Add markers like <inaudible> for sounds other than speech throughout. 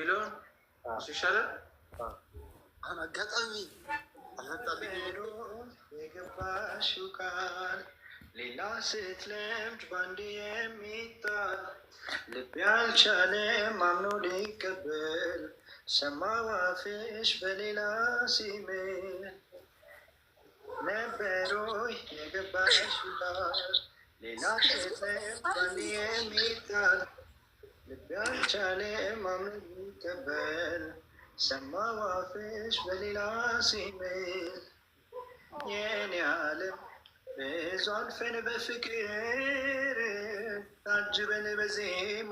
የሚለውን እሱ ይሻላል። አጋጣሚ አጋጣሚ ሄዶ የገባሽው ቃል ሌላ ስትለምድ ባንዴ የሚጣል ልብ ያልቻለ ማምኖ ሊቀበል ሰማው አፍሽ በሌላ ሲምል ነበሮ የገባሽው ቃል ሌላ ስትለምድ ባንዴ የሚጣል ልቢያን ቻለ ማምነ የሚቀበል ሰማ ዋፍሽ በሌላ ሲምል የኔ ዓለም ብዙ አልፈን በፍቅር ታጅበን በዜማ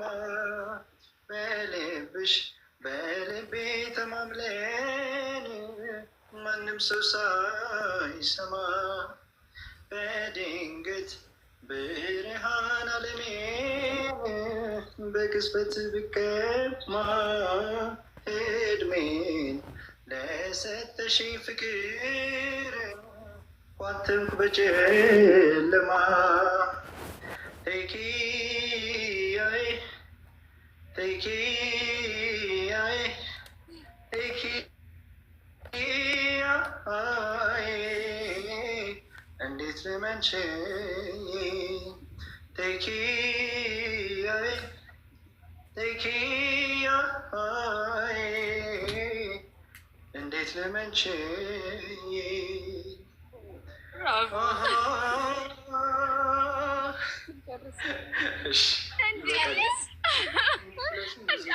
በልብሽ በልቤ ተማምለን ማንም ሰው ሳይሰማ በድንገት በቅጽበት ብቀማ እድሜን ለሰጠሽ ፍቅር ኳትምኩ በጨለማ ቴኪያይ ቴኪያይ ቴኪያይ እንዴት ልመንሽ ቴኪ እንዴት ልመንች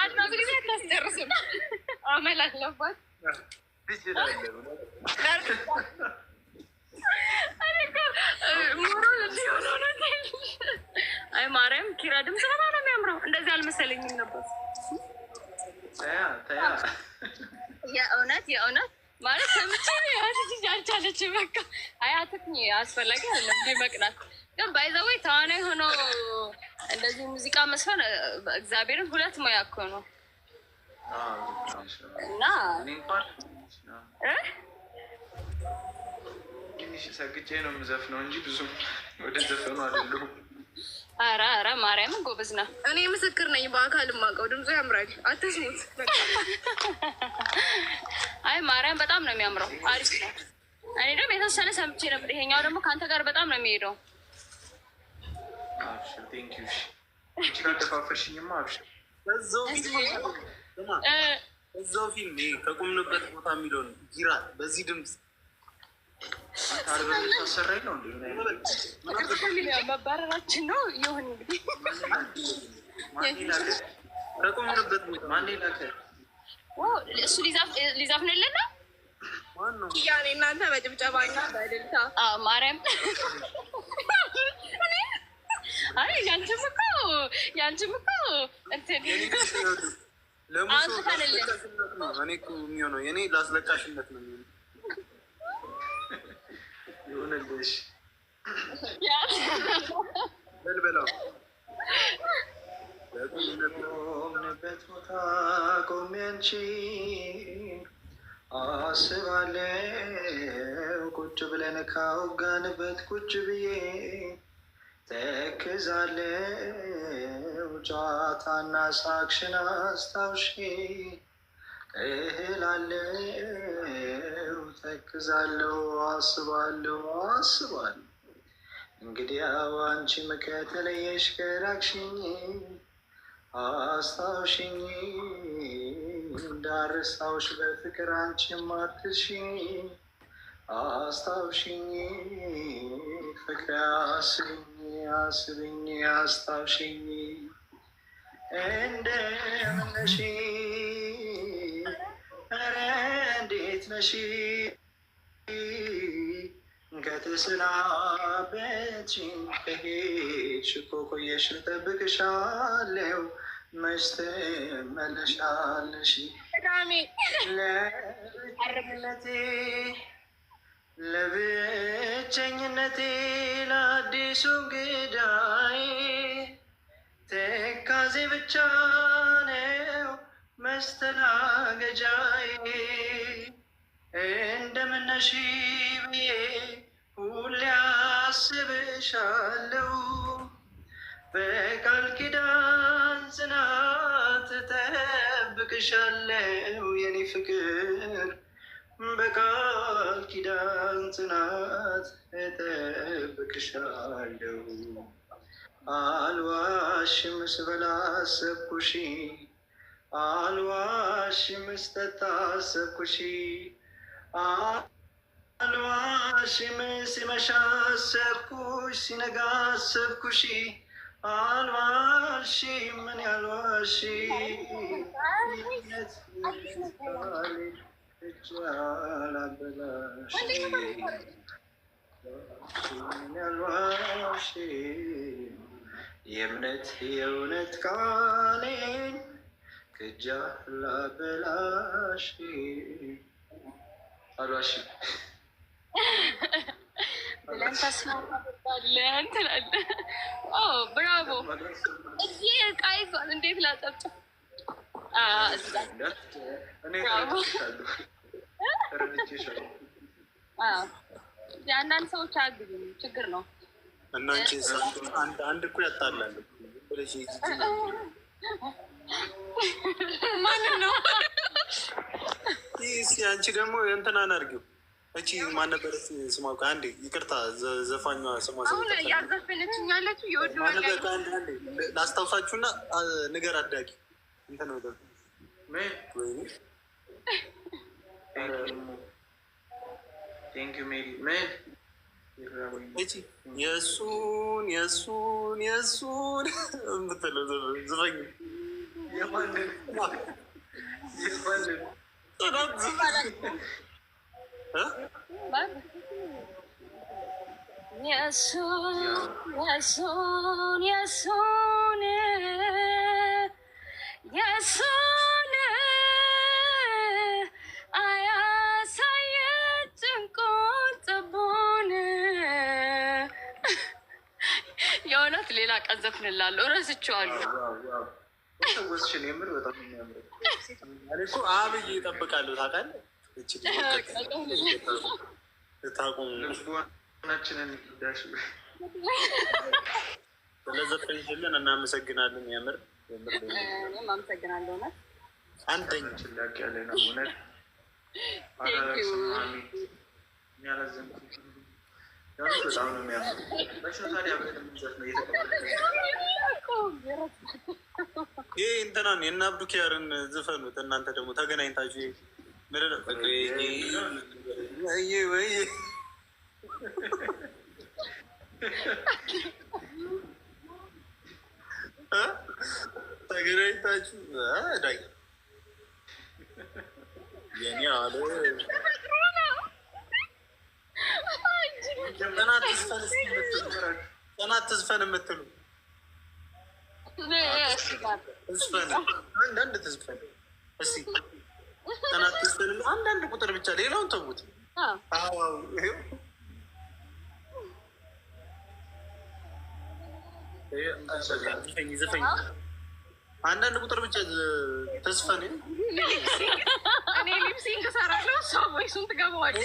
አታስደርስም። አመል አለባት። አይ ማርያም ኪራ ድምፅ ነው የሚያምረው። እንደዚህ አልመሰለኝም ነበር። የእውነት የእውነት ማለት ከምች ልጅ አልቻለች። በቃ አያትት አስፈላጊ አይደለም መቅናት። ግን ባይዘወይ ተዋናይ ሆኖ እንደዚህ ሙዚቃ መስፈን እግዚአብሔርን ሁለት ሙያ እኮ ነው እና ትንሽ ሰግቼ ነው የምዘፍነው እንጂ ብዙ ወደ ዘፈኑ አይደለሁም። ኧረ ኧረ ማርያም ጎበዝ ነው። እኔ ምስክር ነኝ፣ በአካል የማውቀው ድምፁ ያምራል። አትስሙት። <laughs> አይ ማርያም በጣም ነው የሚያምረው፣ አሪፍ ነው። እኔ ደግሞ የተወሰነ ሰምቼ ነበር። ይሄኛው ደግሞ ከአንተ ጋር በጣም ነው የሚሄደው። ደፋፈሽኝማ እዛው ፊልም ከቁምንበት ቦታ የሚለውን ጊራ በዚህ ድምፅ መባረራችን ነው ይሁን እሱ ሊዛፍንልን ነው። ያኔ እናንተ በጭብጨባኛ በእልልታ ማርያም አይ ያንቺም እኮ ያንቺም እኮ እንትን ለሙሱ ነው የሚሆነው። ላስለቃሽነት ነው የሚሆነው ይሁንልሽ። ምን ብለው በቆምንበት ቦታ ቆሜ አንቺን አስባለው። ቁጭ ብለን ካወጋንበት ቁጭ ብዬ ተክዛለው። ጨዋታና ሳክሽን አስታውሽ እህላለው ተክዛለሁ፣ አስባለሁ፣ አስባለሁ። እንግዲህ አብ አንቺ ከተለየሽ ከራቅሽኝ አስታውሽኝ እንዳርሳውሽ በፍቅር አንቺ ማትሽኝ አስታውሽኝ ፍቅር አስብኝ አስብኝ አስታውሽኝ እንደ ምነሽኝ እንዴት ነሽ ከተሰናበች ከሄድሽ እኮ ቆየሽ እጠብቅሻለሁ መች ትመለሻለሽ ለብቸኝነቴ ለብቸኝነቴ ለአዲሱ እንግዳዬ ትካዜ ብቻ ነው መስተናገጃ እንደምነሽ ብዬ ሁሌ አስብሻለሁ። በቃል ኪዳን ጽናት እጠብቅሻለሁ የኔ ፍቅር በቃል ኪዳን ጽናት እጠብቅሻለሁ። አልዋሽም ስበላ አሰብኩሽ፣ አልዋሽም ስጠጣ አልዋሽም ሲመሻ አሰብኩሽ ሲነጋ አሰብኩሽ አልዋሽም ምን ያልዋሽ ያልዋሽ የእምነት የእውነት ቃሌን ክጃ ላበላሽ አልዋሽም ብለን ተስፋ እናደርጋለን ትላለህ። ብራቮ! እዚህ እቃ ይዟል። እንዴት ላጠብጥ አንዳንድ ሰዎች አያግዙ ችግር ነው። እናንቺ አንድ እኮ ያጣላሉ። ማንም ነው እስኪ አንቺ ደግሞ እንትናን አድርጊው። እቺ ማን ነበረች ስሟ? አንዴ ይቅርታ፣ ዘፋኛ ስሟ ያዘፈነችኝ ያለችው ላስታውሳችሁና ንገር አዳጊ እንትን የእሱን የእሱን የእሱን የምትለው የሱን የሱን አያሳየ የእውነት ሌላ ቀን ዘፍንላለሁ። እረስቸዋለሁ። ሰዎችን የምር በጣም የሚያምረው አብይ ይጠብቃሉ። ታውቃለህ ዳሽ ስለዘፈንሽልን እናመሰግናለን። የምር አመሰግናለሁ። አንደኛ ችላቅ ያለ ነው እውነት ይህ እንትናን የእነ አብዱ ኪያርን ዝፈኑት። እናንተ ደግሞ ተገናኝታችሁ ተገናኝታችሁ ጽናት ትዝፈን የምትሉ አንዳንድ ትዝፈን እስኪ ጽናት ትዝፈን አንዳንድ ቁጥር ብቻ ሌላውን ተውት። አንዳንድ ቁጥር ብቻ ተዝፈን እኔ ሊፕሲንግ እሰራለሁ። እሷ ቮይሱን ትገባዋለች።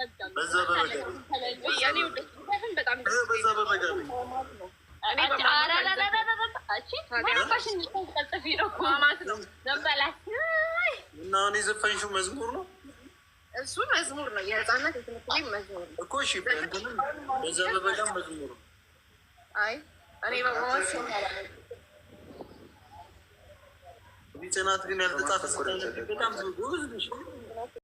እና መዝሙር ነው እሱ መዝሙር ነው የህፃናት የትምህርት ቤት መዝሙር ነው እኮ። እሺ በዛ መዝሙር ነው። አይ እኔ ግን